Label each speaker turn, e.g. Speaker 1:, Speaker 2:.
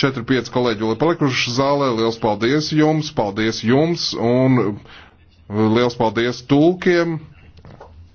Speaker 1: Četri, pieci kolēģi vēl ir palikuši zālē. Liels paldies jums, paldies jums un eh, liels paldies tulkiem.